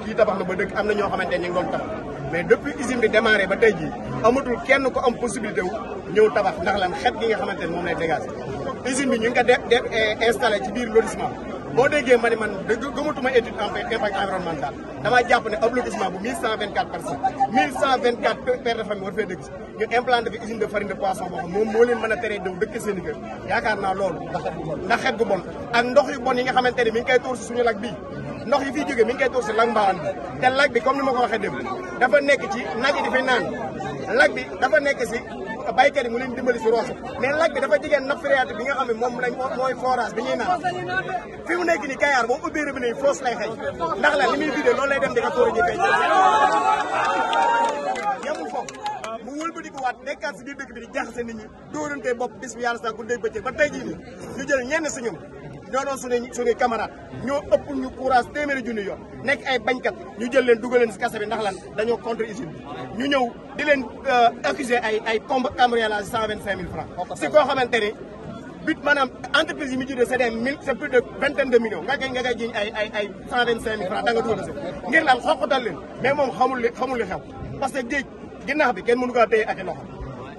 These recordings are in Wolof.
kii tabax na ba dëkk am na ñoo xamante ne ñu ngi doon tabax mais depuis usine bi ba tey jii amatul kenn ko am possibilité wu ñëw tabax ndax lan xet gi nga xamante ne moom lay bi ñu ngi ko de eh, installé ci biir lotissement boo déggee ma ne man gëmatuma étude impact environnemental damaa jàpp ne ablotissement bu 1124 personnes 1124 pères de famille war fee dëkk ñu implanté fi usine de farine de boo xam moom a teree daw dëkk seen i kër yaakaar naa loolu ndax xet gu bon ak ndox yu bon yi nga xamante ne mi ngi koy tuur si suñu lag bii ndox yi fii jógee mi ngi tuur si lag mbawaan bi te lag bi comme ni ma ko waxee démb dafa nekk ci nag baykat yi mu leen dimbali si roose mais lac bi dafa jigéen nappe phréatique bi nga ne moom lañ mooy forage bi ñuy naan fi mu nekk nii Kayar moom ubbi robinet yi foos lay xëy ndax la li muy vidéo loolu lay dem di ko tóor ji fecc yamul foofu mu wëlbati ko waat nekkaat si biir dëkk bi di jaxase nit ñi dóorante bopp bis sax ku dégg bëccëg ba tey ñu jël ñenn si ñoom ñoo doon suñuy suñuy camarade ñoo ëpp ñu courage téeméeri junni yoon nekk ay bañkat ñu jël leen dugal leen si kase bi ndax lan dañoo contre usine ñu ñëw di leen euh, accuser ay ay comb cambriolage cent vingt cinq mille francs si koo xamante ni but maanaam entreprise yi mu juddee c'est des mille c'est millions nga koy nga koy ay cent vingt cinq mille francs da nga dugal si ngir lan xoqatal leen mais moom xamul li xamul li xew parce que bi kenn mënu ko téye loxo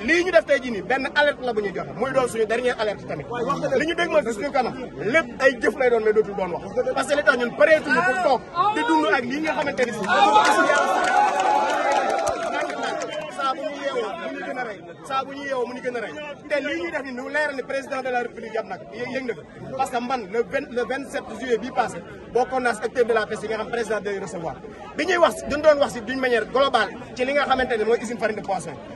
lii ñu def tey jii nii benn alerte la bu ñuy joxe muy doon suñu dernière alerte tamit li ñu dégmal si suñu kanam lépp ay jëf lay doon mais dootul doon wax parce que li tax ñun pareetuñu pour toog di dund ak lii nga xamante ni si saa bu ñu yeewoo mu ñu gën a rey te lii ñuy def ni ñu leeral ni président de la république yam nag yëg na ko parce que man le vingt juillet bii passé bokkoon naa si de la pêche nga xam président day recevoir bi wax duñ doon wax si d'une manière globale ci li nga xamante ne usine farine de poisson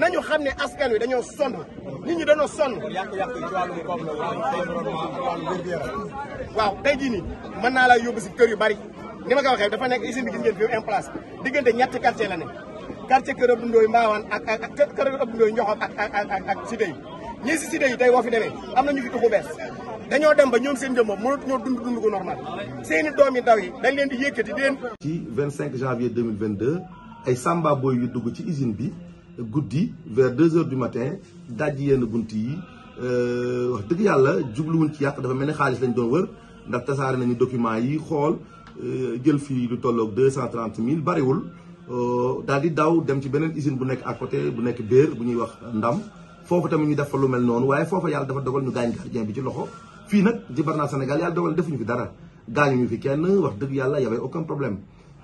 nañu xam ne askan wi dañoo sonn nit ñi dañoo sonn. waaw tey jii nii mën naa laa yóbbu si kër yu bari ni ma ko dafa nekk usine bi gis ngeen fi en place diggante ñetti quartier la ne quartier kër Abdou Ndoye ak ak kër Abdou Ndoye ak ak ak ak Cité yi si tey boo fi demee am na ñu fi tuxu bees dañoo dem ba ñoom seen jëm moom mënatu ñoo dund dund ko normal seeni doom yi ndaw yi dañ leen di yëkkati di leen. ci 25 janvier 2022 ay Samba boy yu dugg ci usine bi. goudi vers 2h du matin dadi yenn bunti yi euh, wax deug yalla djublu jubluwuñ ci yàq dafa melni xaliss lañ doon wër ndax tasaare ni document yi xol euh, jël fii lu tolloog deux cent trente mille bariwul euh, daal di daw dem ci benen usine bu nek à côté bu nek béer bu ñuy wax ndam fofu tamit ñu def lu mel non waye fofu yalla dafa dogal ñu gaañ gardien bi ci loxo fi nak ci barna Sénégal yàlla dogal defuñu fi dara ñu fi kenn wax deug yalla y aucun problème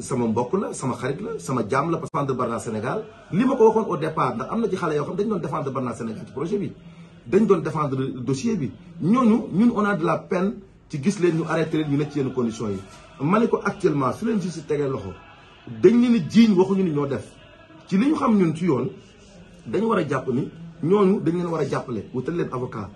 sama mbokk la sama xarit la sama jaam la parce que défendre Sénégal li ma ko waxoon au départ ndax am na ci xale yoo xam dañ doon défendre Barna Sénégal ci projet bi dañ doon défendre dossier bi ñooñu ñun on a de la peine ci gis leen ñu arrêté leen ñu nekk ci yenn conditions yi ma ne ko actuellement su leen justice tegee loxo dañ leen ni jiiñ waxuñu ni ñoo def ci li ñu xam ñun ci yoon dañu war a jàpp ni ñooñu dañ leen war a jàppale wutal leen avocat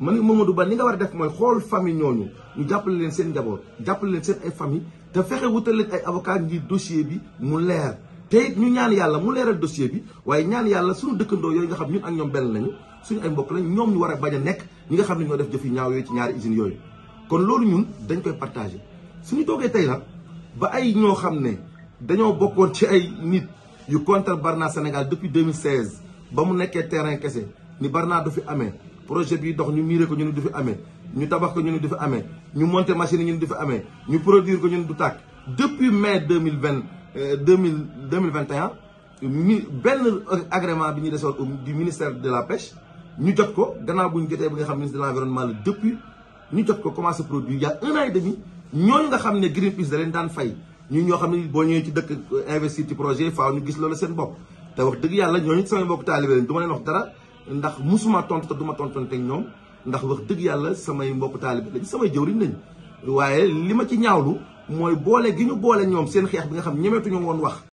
ma ne Mamadou Ba li nga war a def mooy xool famille ñooñu ñu jàppale leen seen njaboot jàppale leen seen famille te fexe wutal leen ay avocat ngir dossier bi mu leer te it ñu ñaan yàlla mu leeral dossier bi waaye ñaan yàlla suñu dëkkandoo yooyu nga xam ñun ak ñoom benn lañu suñu ay mbokk lañ ñoom ñu war a bañ a nekk ñi nga xam ne ñoo def jëf yu ñaaw yooyu ci ñaari usines yooyu kon loolu ñun dañ koy partagé suñu toogee tey la ba ay ñoo xam ne dañoo bokkoon ci ay nit yu contre Barna Sénégal depuis 2016 ba mu nekkee terrain kese ni Barna du fi amee projet bi dox ñu miiree ko ñu ne du fi amee ñu tabax ko ñu ne du fi amee ñu monter machine yi ñu ne du fi amee ñu produire ko ñu ne du tàkk depuis mai 2020, mille vingt euh, deux mille agrément bi ñu desoon du ministère de la pêche ñu jot ko gannaaw bu ñu bi nga xam ministre de l'environnement depuis ñu jot ko commencé produire il y a un an et demi ñooñu nga xamné Greenpeace dañ leen daan fay ñu ñoo xamné bo boo ci dëkk euh, investir ci projet faaw ñu gis loolu seen bop te wax dëgg yalla ñooñu samay mbokk taalibe talibé dañ duma leen wax dara ndax musuma tontu te du ma tontonte ak ñoom ndax wax dëgg yàlla samay mbokk taalib lañ samay jëwriñ lañ waaye li ma ci ñaawlu mooy boole gi ñu boole ñoom seen xeex bi nga xam ñemeetuñu woon wax